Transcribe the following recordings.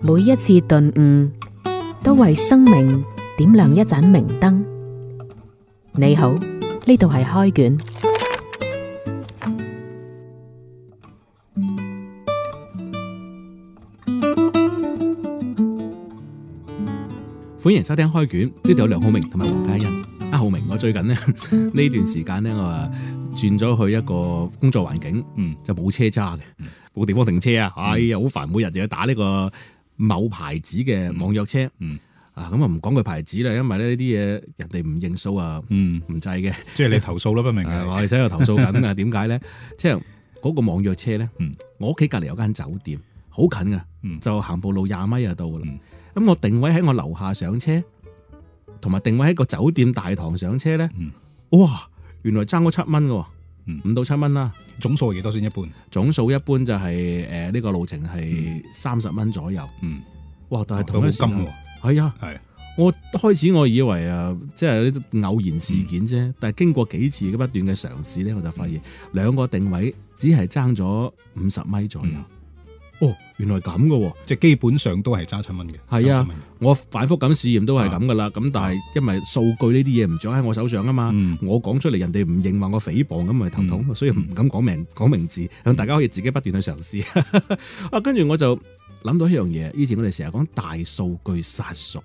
每一次頓悟，都為生命點亮一盞明燈。你好，呢度係開卷，歡迎收聽開卷。呢度有梁浩明同埋黃嘉欣。阿浩明，我最近呢，呢段時間呢，我啊。轉咗去一個工作環境，嗯、就冇車揸嘅，冇、嗯、地方停車啊、嗯！哎呀，好煩，每日就要打呢個某牌子嘅網約車、嗯。啊，咁啊唔講佢牌子啦，因為咧呢啲嘢人哋唔認數啊，唔制嘅。即係你投訴啦，不明嘅、啊，我而家喺度投訴緊啊！點解咧？即係嗰個網約車咧、嗯，我屋企隔籬有間酒店，好近啊、嗯，就行步路廿米就到啦。咁、嗯、我定位喺我樓下上車，同埋定位喺個酒店大堂上車咧、嗯，哇！原來爭咗七蚊嘅。五到七蚊啦，總數幾多少先一般？總數一般就係誒呢個路程係三十蚊左右。嗯，哇！但係同一金係、哦、啊，係、哎、我開始我以為啊，即、就、係、是、偶然事件啫、嗯。但係經過幾次不斷嘅嘗試咧，我就發現兩、嗯、個定位只係爭咗五十米左右。嗯哦，原來咁喎、哦，即係基本上都係揸七蚊嘅。係啊，我反覆咁試驗都係咁噶啦。咁、啊、但係因為數據呢啲嘢唔掌握喺我手上啊嘛。嗯、我講出嚟，人哋唔認話我誹謗咁咪頭痛，所以唔敢講名講、嗯、名字。咁大家可以自己不斷去嘗試啊。 跟住我就諗到一樣嘢，以前我哋成日講大數據殺熟，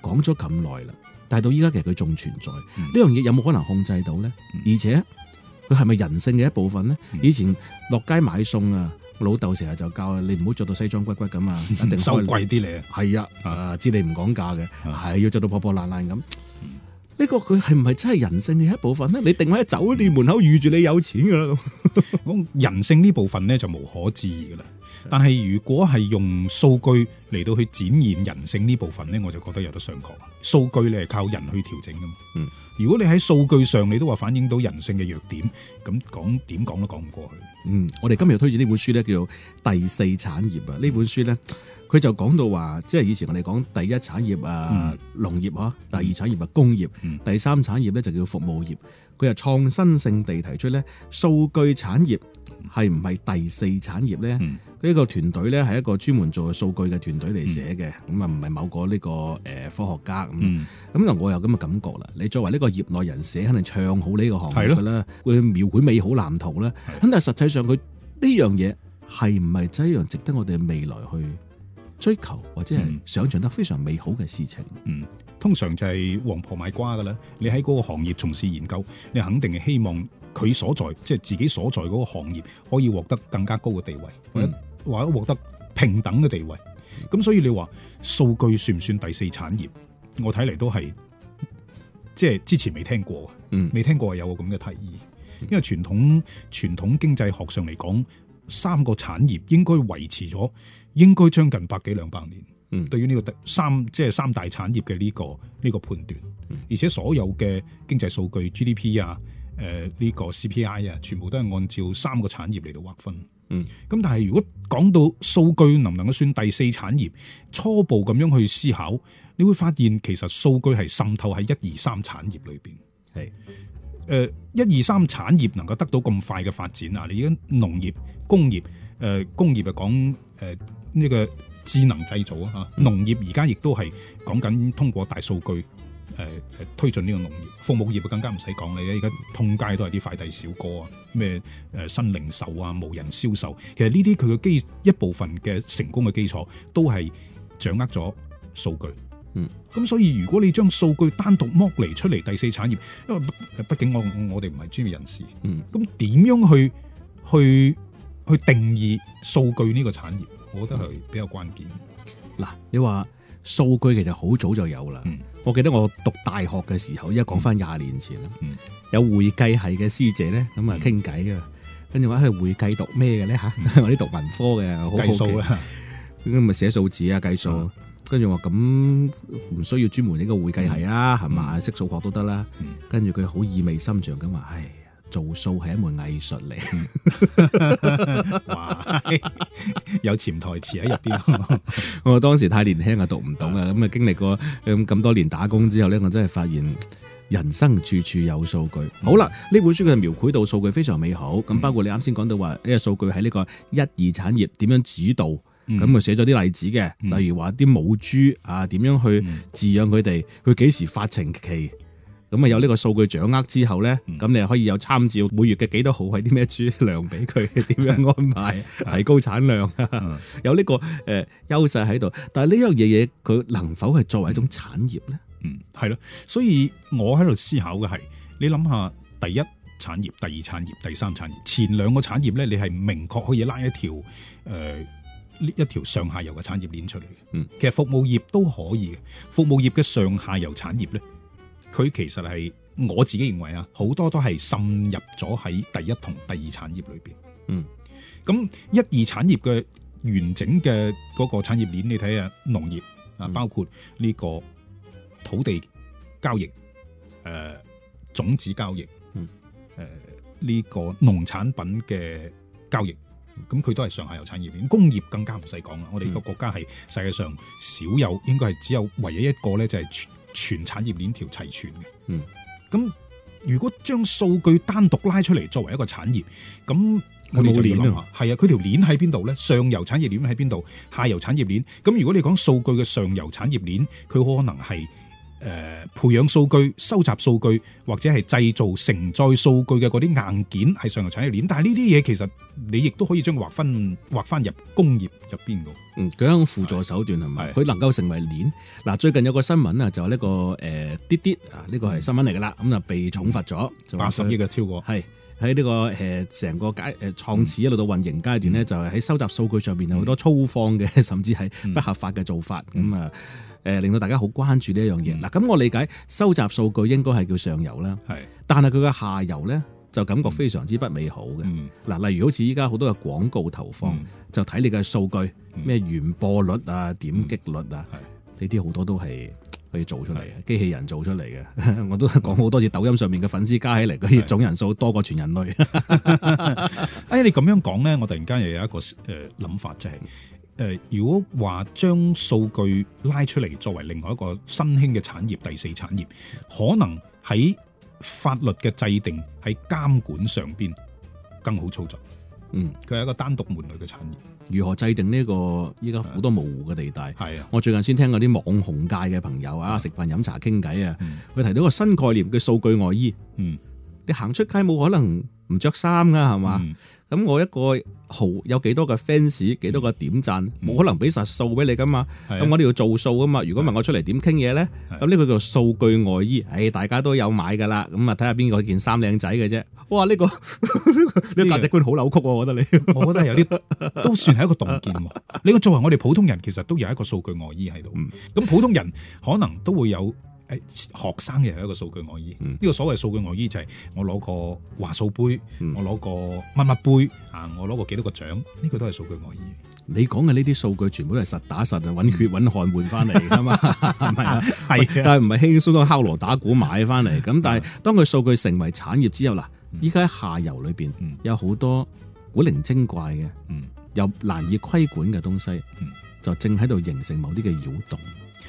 講咗咁耐啦，但係到依家其實佢仲存在呢樣嘢，嗯、有冇可能控制到咧、嗯？而且佢係咪人性嘅一部分呢？嗯、以前落街買餸啊。老豆成日就教你唔好着到西裝骨骨咁啊，定收貴啲嚟啊。係呀、啊，知的啊，知你唔講價嘅，係、啊、要着到破破爛爛咁。呢、嗯，這個佢係唔係真係人性嘅一部分咧？你定位喺酒店門口預住你有錢噶啦咁，人性呢部分咧就無可置疑噶啦。是的，但係如果係用數據嚟到去展現人性呢部分咧，我就覺得有得商榷。數據你係靠人去調整噶嘛？嗯，如果你喺數據上你都話反映到人性嘅弱點，咁講點講都講唔過去。嗯，我哋今日推薦呢本書咧，叫做《第四產業》啊。呢、嗯、本書咧，佢就講到話，即係以前我哋講，第一產業啊，農業啊、嗯，第二產業啊，工業，第三產業咧就叫服務業。佢佢又創新性地提出咧，數據產業係唔係第四產業咧？呢、嗯、個團隊咧係一個專門做數據嘅團隊嚟寫嘅，咁啊唔係某個呢個誒科學家咁。咁、嗯、啊，我有咁嘅感覺啦。你作為呢個業內人寫，肯定唱好呢個項目噶啦，佢描繪美好藍圖咧。咁但係實際上，佢呢樣嘢係唔係真係一樣值得我哋未來去追求或者係想象得非常美好嘅事情，嗯，通常就係王婆賣瓜噶啦。你喺嗰個行業從事研究，你肯定係希望佢所在，嗯、即係自己所在嗰個行業，可以獲得更加高嘅地位或者，或者獲得平等嘅地位。咁、嗯、所以你話數據算唔算第四產業？我睇嚟都係，即係之前未聽過，嗯，未聽過有個咁嘅提議。因為傳統傳統經濟學上嚟講。三個產業應該維持咗，應該將近百幾兩百年。嗯，對於呢個三即係三大產業嘅呢個呢個判斷、嗯，而且所有嘅經濟數據 GDP 啊，誒、呃、呢個 CPI 啊，全部都係按照三個產業嚟到劃分。嗯，咁但係如果講到數據能唔能夠算第四產業，初步咁樣去思考，你會發現其實數據係滲透喺一二三產業裏邊。係。誒一二三產業能夠得到咁快嘅發展啊！你而家農業、工業、誒、呃、工業啊講誒呢個智能製造啊嚇，農業而家亦都係講緊通過大數據誒誒、呃、推進呢個農業，服務業更加唔使講啦，而家通街都係啲快遞小哥啊，咩誒新零售啊，無人銷售，其實呢啲佢嘅基一部分嘅成功嘅基礎都係掌握咗數據。嗯，咁所以如果你將數據單獨剝離出嚟第四產業，因為畢竟我我哋唔係專業人士，嗯，咁點樣去去去定義數據呢個產業？我覺得係比較關鍵。嗱、嗯，你話數據其實好早就有啦、嗯，我記得我讀大學嘅時候，而家講翻廿年前啦、嗯嗯，有會計系嘅師姐咧，咁啊傾偈㗎。跟住話佢會計讀咩嘅咧吓？嗯、 我啲讀文科嘅，計數啊，咁咪寫數字啊，計數。嗯跟住我話咁唔需要專門呢個會計系啊，係嘛、嗯、識數學都得啦。跟住佢好意味深長咁話：，唉，做數係一門藝術嚟。嗯、哇！ 有潛台詞喺、啊、入邊。 我當時太年輕啊，讀唔懂啊。咁啊經歷過咁多年打工之後咧，我真係發現人生處處有數據。好啦，呢本書嘅描繪到數據非常美好。咁、嗯、包括你啱先講到話呢、呢個數據喺呢個一二產業點樣指導。咁、嗯、咪寫咗啲例子嘅、嗯，例如話啲母豬啊，點、嗯、樣去飼養佢哋，佢、嗯、幾時發情期，咁、嗯、啊有呢個數據掌握之後咧，咁、嗯、你可以有參照，每月嘅幾多號係啲咩豬糧俾佢，點、嗯、樣安排、嗯，提高產量，嗯嗯、有呢、這個誒、呃、優勢喺度。但係呢樣嘢嘢，佢能否係作為一種產業咧？嗯，係咯，所以我喺度思考嘅係，你諗下，第一產業、第二產業、第三產業，前兩個產業咧，你係明確可以拉一條誒。呃呢一條上下游嘅產業鏈出嚟嘅，嗯，其實服務業都可以嘅，服務業嘅上下游產業咧，佢其實係我自己認為啊，好多都係滲入咗喺第一同第二產業裏邊，嗯，咁一二產業嘅完整嘅嗰個產業鏈，你睇下農業啊，包括呢個土地交易，誒、呃，種子交易，嗯、呃，誒，呢個農產品嘅交易。咁佢都係上下游產業鏈，工業更加唔使講啦。我哋呢個國家係世界上少有，應該係只有唯一一個咧，就係全，全產業鏈條齊全嘅。嗯，咁如果將數據單獨拉出嚟作為一個產業，咁我哋就要諗，係？係啊，佢條鏈喺邊度咧？上游產業鏈喺邊度？下游產業鏈？咁如果你講數據嘅上游產業鏈，佢可能係。誒，培養數據、收集數據或者係製造承載數據嘅嗰啲硬件係上游產業鏈，但係呢啲嘢其實你亦都可以將佢劃分劃翻入工業入邊噶。嗯，佢係一種輔助手段係咪？佢能夠成為鏈。嗱，最近有個新聞啊，就呢、是這個誒滴滴啊，呢個係新聞嚟噶啦，咁、嗯、啊被重罰咗，八十億嘅超過。係喺呢個誒成、呃、個階誒創始一路到運營階段呢、嗯，就係、是、喺收集數據上邊有好多粗放嘅、嗯，甚至係不合法嘅做法。咁、嗯、啊。嗯誒令到大家好關注呢一樣嘢嗱，咁我理解收集數據應該係叫上游啦，係，但係佢嘅下游咧就感覺非常之不美好嘅。嗱、嗯，例如好似依家好多嘅廣告投放，嗯、就睇你嘅數據，咩完播率啊、點擊率啊，呢啲好多都係可以做出嚟嘅，機器人做出嚟嘅。 我都講好多次，抖音上面嘅粉絲加起嚟啲總人數多過全人類。哎， 你咁樣講咧，我突然間又有一個誒諗法，就係、是。誒，如果話將數據拉出嚟作為另外一個新興嘅產業，第四產業，可能喺法律嘅制定喺監管上邊更好操作。嗯，佢係一個單獨門類嘅產業，如何制定呢個？依家好多模糊嘅地帶。係啊，啊，我最近先聽嗰啲網紅界嘅朋友啊，食飯飲茶傾偈啊，佢、嗯、提到個新概念嘅數據外衣。嗯，你行出街冇可能。唔着衫噶係嘛？咁、嗯、我一個號有幾多個 fans，幾多個點讚，冇、嗯、可能俾實數俾你噶嘛？咁、嗯、我哋要做數啊嘛？如果問我出嚟點傾嘢咧？咁呢個叫數據外衣。誒、哎，大家都有買噶啦。咁啊，睇下邊個件衫靚仔嘅啫。哇！呢、這個價 值觀好扭曲、啊，我覺得你， 我覺得係有啲，都算係一個洞見、啊。呢個作為我哋普通人，其實都有一個數據外衣喺度。咁、嗯、普通人可能都會有。學生又係一個數據外衣，呢、嗯，這個所謂數據外衣就係我攞個華數杯，我攞個乜乜杯啊，我攞個幾多個獎，呢、這個都係數據外衣。你講嘅呢啲數據全部都係實打實的 是嗎 啊，揾血揾汗換翻嚟噶嘛，唔係，係，但係唔係輕鬆鬆敲鑼打鼓買翻嚟。咁、 啊、但係當佢數據成為產業之後，嗱，依家喺下游裏邊有好多古靈精怪嘅，又難以規管嘅東西，就正喺度形成某啲嘅擾動。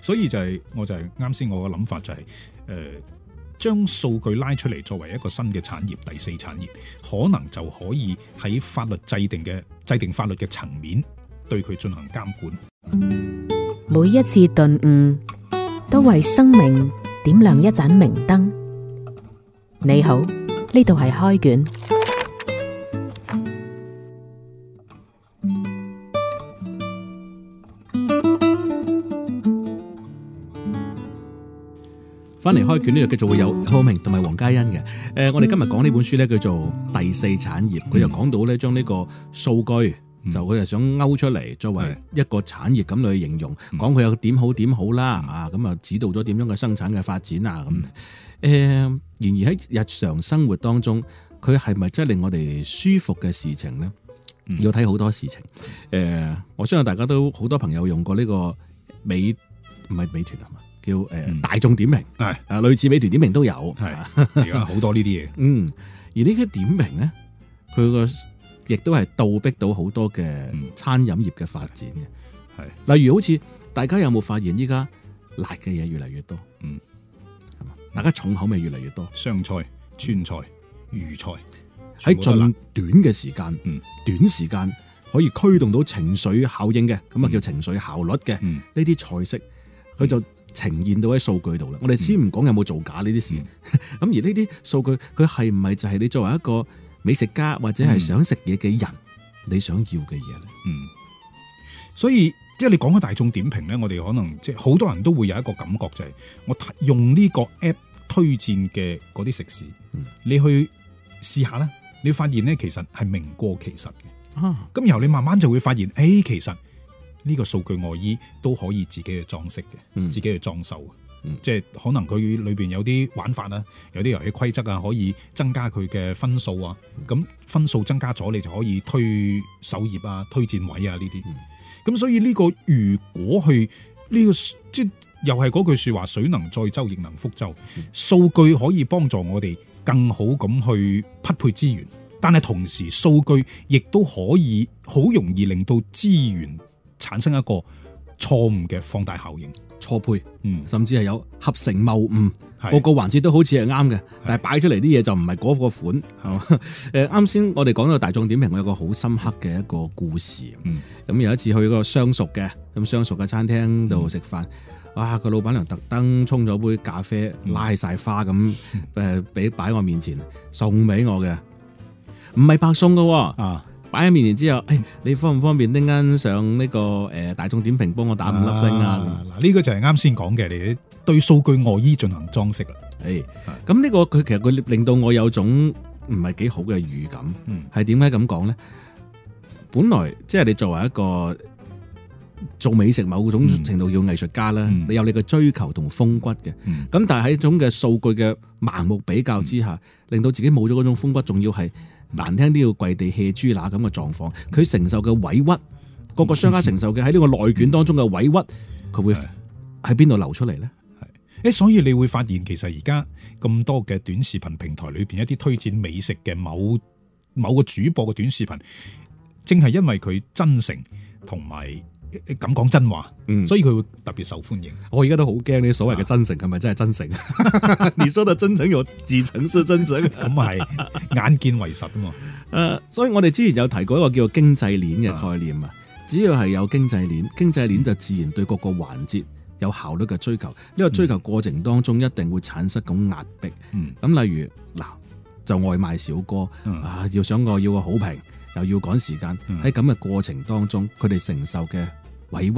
所以就係，我就係啱先我嘅諗法就係，誒將數據拉出嚟作為一個新嘅產業，第四產業可能就可以喺法律制定嘅制定法律嘅層面對佢進行監管。每一次頓悟都為生命點亮一盞明燈。你好，呢度係開卷。翻嚟開卷呢度繼續會有浩明同埋黃嘉欣嘅。誒、呃，我哋今日講呢本書咧，叫做《第四產業》，佢、嗯、就講到咧，將呢個數據、嗯、就佢就想勾出嚟作為一個產業咁去形容，講、嗯、佢有點好點好啦、嗯、啊！咁啊，指導咗點樣嘅生產嘅發展啊咁。誒、嗯嗯呃，然而喺日常生活當中，佢係咪真係令我哋舒服嘅事情呢？嗯、要睇好多事情。誒、呃，我相信大家都好多朋友用過呢個美唔係美團啊嘛。叫誒、呃嗯、大眾點評，係啊，類似美團點評都有，係、嗯、而家好多呢啲嘢。嗯，而呢啲點評咧，佢個亦都係倒逼到好多嘅餐飲業嘅發展嘅。係，例如好似大家有冇發現，依家辣嘅嘢越嚟越多，嗯，係嘛、大家重口味越嚟越多，湘菜、川菜、嗯、魚菜喺盡短嘅時間，嗯，短時間可以驅動到情緒效應嘅，咁、嗯、啊叫情緒效率嘅呢啲菜式，佢就。嗯呈現到喺數據度啦，我哋先唔講有冇造假呢啲事，咁、嗯、而呢啲數據佢係唔係就係你作為一個美食家或者係想食嘢嘅人、嗯，你想要嘅嘢咧？嗯，所以即係你講開大眾點評咧，我哋可能即係好多人都會有一個感覺就係、是，我用呢個 app 推薦嘅嗰啲食肆、嗯，你去試下咧，你發現咧其實係名過其實嘅，咁、啊、然後你慢慢就會發現，誒、欸、其實。呢、呢個數據外衣都可以自己去裝飾嘅，自己去裝修、嗯、即係可能佢裏面有啲玩法啊，有啲遊戲規則啊，可以增加佢嘅分數啊。咁、嗯、分數增加咗，你就可以推首頁啊、推薦位啊呢啲。咁、嗯、所以呢個如果去呢、呢個即又係嗰句説話，水能載舟，亦能覆舟、嗯。數據可以幫助我哋更好咁去匹配資源，但係同時數據亦都可以好容易令到資源。產生一個錯誤嘅放大效應，錯配、嗯，甚至係有合成謬誤，個個環節都好似係啱嘅，但係擺出嚟，啲嘢就唔係嗰個款，係嘛？誒、啱、嗯、先我哋講到大眾點評，我有個好深刻嘅一個故事，咁、嗯、有一次去一個相熟嘅咁相熟嘅餐廳度食飯，哇，個老闆娘特登沖咗杯咖啡，嗯、拉晒花咁誒，俾擺我面前、嗯、送俾我嘅，唔係白送噶，啊。擺喺面前之後，誒、哎，你方唔方便一陣間上呢個誒大眾點評幫我打五粒星啊？嗱、啊，呢、這個就係啱先講嘅，你對數據外衣進行裝飾啦。誒，咁呢個佢其實佢令到我有種唔係幾好嘅預感。嗯，係點解？咁講呢，本來即係你作為一個做美食某種程度叫藝術家啦、嗯嗯，你有你嘅追求同風骨嘅。咁、嗯、但係喺種嘅數據嘅盲目比較之下，令、嗯、到自己冇咗嗰種風骨，仲要係。難聽啲要跪地謝豬乸咁嘅狀況，佢承受嘅委屈，各個商家承受嘅、喺呢個內卷當中嘅委屈，佢會喺邊度流出嚟呢？係，誒，所以你會發現，其實而家咁多嘅短視頻平台裏邊一啲推薦美食嘅某某個主播嘅短視頻，正係因為佢真誠同埋。敢講真話，所以佢會特別受歡迎。嗯、我而家都好驚你所謂嘅真誠係咪真係真誠？ 你說的真誠有幾成是真誠？咁啊係，眼見為實啊嘛。誒、嗯，所以我哋之前有提過一個叫做經濟鏈嘅概念啊、嗯，只要係有經濟鏈，經濟鏈就自然對各個環節有效率嘅追求。呢個追求過程當中，一定會產生咁壓迫。咁、嗯、例如嗱，就外賣小哥啊，要想我要個好評，又要趕時間，喺咁嘅過程當中，佢哋承受嘅。委屈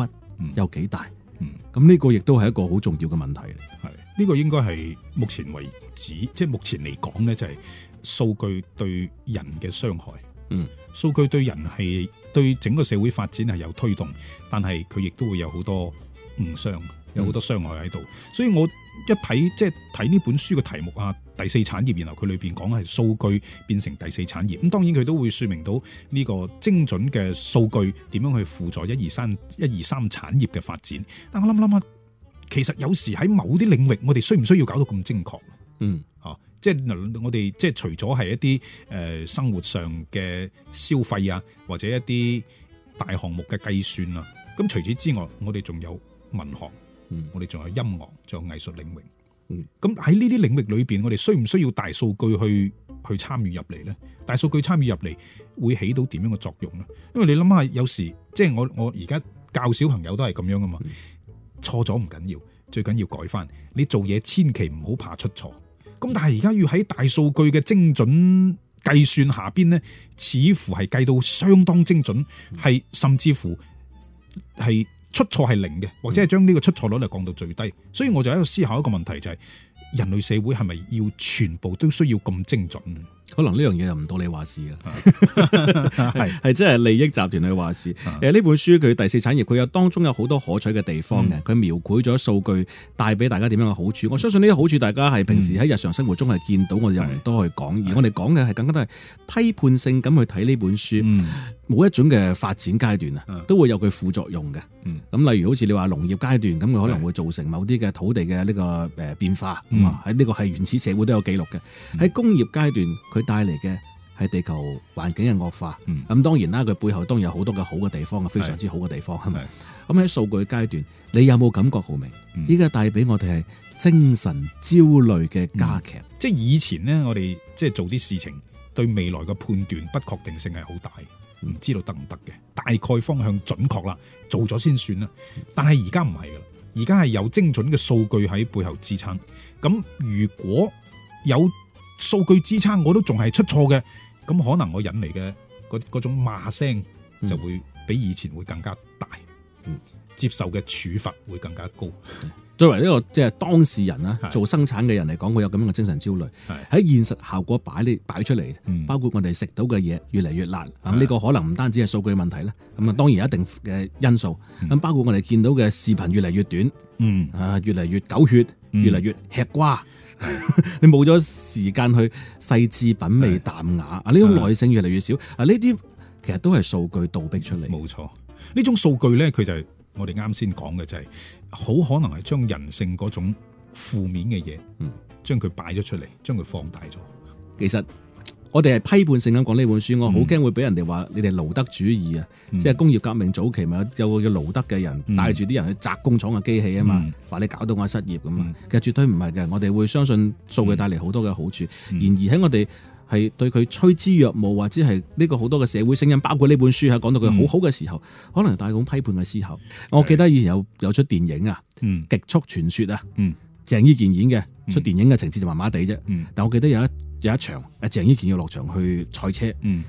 有幾大，咁、嗯、呢、嗯呢個亦都係一個好重要嘅問題。係呢、呢個應該係目前為止，即係目前嚟講呢，就係數據對人嘅傷害。嗯，數據對人係對整個社會發展係有推動，但係佢亦都會有好多誤傷，有好多傷害喺度、嗯。所以我一睇即係睇呢本書嘅題目啊。第四產業，然後佢裏邊講係數據變成第四產業，咁當然佢都會説明到呢個精準嘅數據點樣去輔助一二三一二三產業嘅發展。但我諗諗啊，其實有時喺某啲領域，我哋需唔需要搞到咁精確？嗯，啊，即係我哋即係除咗係一啲誒呃生活上嘅消費啊，或者一啲大項目嘅計算啊，咁除此之外，我哋仲有文學，嗯，我哋仲有音樂，仲有藝術領域。咁喺呢啲領域裏邊，我哋需唔需要大數據去去參與入嚟呢？大數據參與入嚟會起到點樣嘅作用呢？因為你諗下，有時即係我我而家教小朋友都係咁樣啊嘛，錯咗唔緊要，最緊要改返。你做嘢千祈唔好怕出錯。咁但係而家要喺大數據嘅精準計算下邊呢，似乎係計到相當精準，係甚至乎係，出錯係零嘅，或者係將呢個出錯率嚟降到最低，所以我就喺度思考一個問題，就是，就係人類社會係咪要全部都需要咁精準？可能呢樣嘢又唔到你話事嘅，係係真係利益集團去話事。誒，呢本書佢第四產業，佢有當中有好多可取嘅地方嘅，佢描繪咗數據帶俾大家點樣嘅好處。我相信呢啲好處，大家係平時喺日常生活中係見到，我哋又唔多去講。而我哋講嘅係更加都係批判性咁去睇呢本書。每一種嘅發展階段啊，都會有佢副作用嘅。咁例如好似你話農業階段，咁佢可能會造成某啲嘅土地嘅呢個誒變化。喺呢個係原始社會都有記錄嘅。喺工業階段佢帶嚟嘅係地球環境嘅惡化、嗯，咁當然啦、啊，佢背後當然有好多嘅好嘅地方，非常之好嘅地方係咪？咁喺數據階段，你有冇感覺好明？依家帶俾我哋係精神焦慮嘅加劇、嗯，嗯、即係以前呢，我哋即係做啲事情，對未來嘅判斷不確定性係好大，唔知道得唔得嘅，大概方向準確啦，做咗先算啦。但係而家唔係噶啦，而家係有精準嘅數據喺背後支撐。咁如果有數據支撐我都仲係出錯嘅，咁可能我引嚟嘅嗰嗰種罵聲就會比以前會更加大，嗯嗯、接受嘅處罰會更加高。作為一個即係當事人啊，做生產嘅人嚟講，我有咁樣嘅精神焦慮，喺現實效果擺呢擺出嚟，包括我哋食到嘅嘢越嚟越辣，啊呢、這個可能唔單止係數據問題啦，咁啊當然一定嘅因素，咁包括我哋見到嘅視頻越嚟越短，嗯啊越嚟越狗血。越嚟越吃瓜，嗯、 你冇咗時間去細緻品味淡雅啊！呢種耐性越嚟越少啊！呢啲其實都係數據倒逼出嚟，冇錯。呢種數據咧，佢就係我哋啱先講嘅，就係、是、好可能係將人性嗰種負面嘅嘢，嗯將佢，將佢擺咗出嚟，將佢放大咗。其實。我哋係批判性咁講呢本書，我好驚會俾人哋話你哋勞德主義啊、嗯，即係工業革命早期咪有個叫勞德嘅人帶住啲人去砸工廠嘅機器啊嘛，話、嗯、你搞到我失業咁嘛。嗯，其實絕對唔係嘅，我哋會相信數據帶嚟好多嘅好處。嗯、然而喺我哋係對佢趨之若鶩，或者係呢個好多嘅社會聲音，包括呢本書係講到佢好好嘅時候、嗯，可能帶帶咁批判嘅思考、嗯。我記得以前有有出電影啊，嗯《極速傳説》啊、嗯，鄭伊健演嘅出電影嘅情節就麻麻地啫，但我記得有一。有一場，阿鄭伊健要落場去賽車，嗯、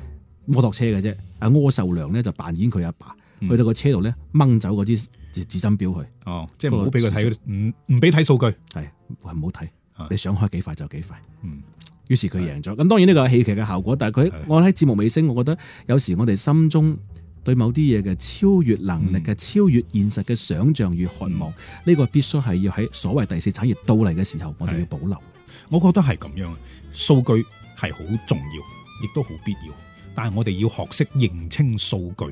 摩托車嘅啫、嗯。阿柯秀良呢就扮演佢阿爸，爸、嗯，去到個車度咧掹走嗰支指針錶佢哦，即係唔好俾佢睇唔唔俾睇數據，係唔好睇。你想開幾快就幾快。嗯，於是佢贏咗。咁當然呢個係戲劇嘅效果，是但係佢我喺節目尾聲，我覺得有時我哋心中對某啲嘢嘅超越能力嘅、嗯、超越現實嘅想象與渴望，呢、嗯這個必須係要喺所謂第四產業到嚟嘅時候，我哋要保留。我覺得係咁樣，數據係好重要，亦都好必要。但係我哋要學識認清數據，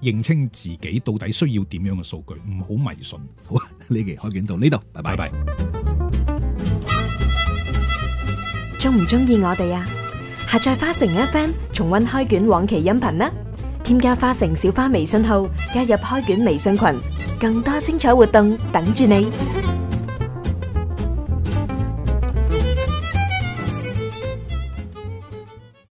認清自己到底需要點樣嘅數據，唔好迷信。好啊，呢期開卷到呢度，拜拜。中唔中意我哋啊？下載花城 FM 重溫開卷往期音頻啦！添加花城小花微信號，加入開卷微信群，更多精彩活動等住你。